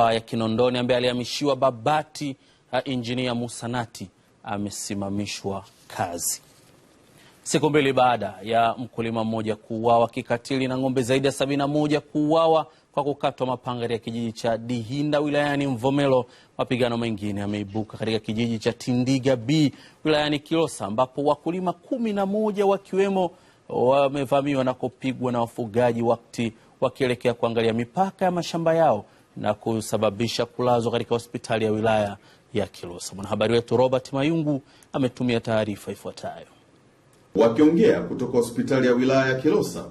hapa ya Kinondoni ambaye alihamishiwa Babati, injinia Musanati amesimamishwa kazi siku mbili baada ya mkulima mmoja kuuawa kikatili na ng'ombe zaidi ya sabini na moja kuuawa kwa kukatwa mapanga katika kijiji cha Dihinda wilayani Mvomero. Mapigano mengine yameibuka katika kijiji cha Tindiga B wilayani Kilosa ambapo wakulima kumi na moja wakiwemo wamevamiwa na kupigwa na wafugaji wakati wakielekea kuangalia mipaka ya mashamba yao na kusababisha kulazwa katika hospitali ya wilaya ya Kilosa. Mwanahabari wetu Robert Mayungu ametumia taarifa ifuatayo. Wakiongea kutoka hospitali ya wilaya ya Kilosa,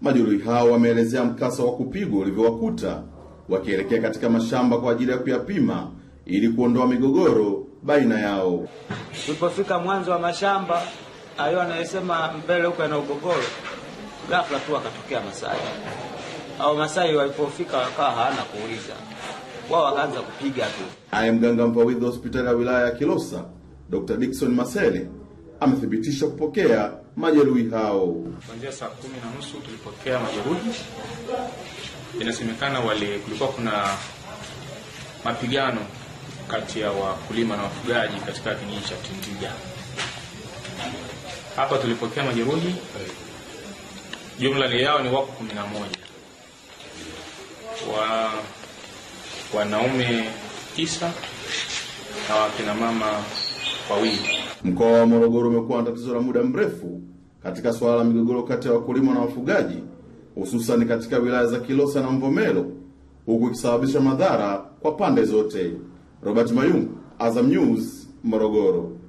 majeruhi hao wameelezea mkasa wa kupigwa ulivyowakuta wakielekea katika mashamba kwa ajili ya kuyapima ili kuondoa migogoro baina yao. Tulipofika mwanzo wa mashamba ayo anayesema mbele huko yana ugogoro, ghafla tu akatokea masaji au Masai walipofika wakawa hawana kuuliza, wao wakaanza kupiga tu. Haya, mganga mpawidhi wa hospitali ya wilaya ya Kilosa Dr. Dickson Masele amethibitisha kupokea majeruhi hao. Kuanzia saa kumi na nusu tulipokea majeruhi, inasemekana wale, kulikuwa kuna mapigano kati ya wakulima na wafugaji katika kijiji cha Tindiga. Hapa tulipokea majeruhi, jumla yao ni wako kumi na moja wa wanaume tisa na wakinamama wawili. Mkoa wa Morogoro umekuwa na tatizo la muda mrefu katika suala la migogoro kati ya wakulima na wafugaji, hususan katika wilaya za Kilosa na Mvomero, huku ikisababisha madhara kwa pande zote. Robert Mayungu, Azam News, Morogoro.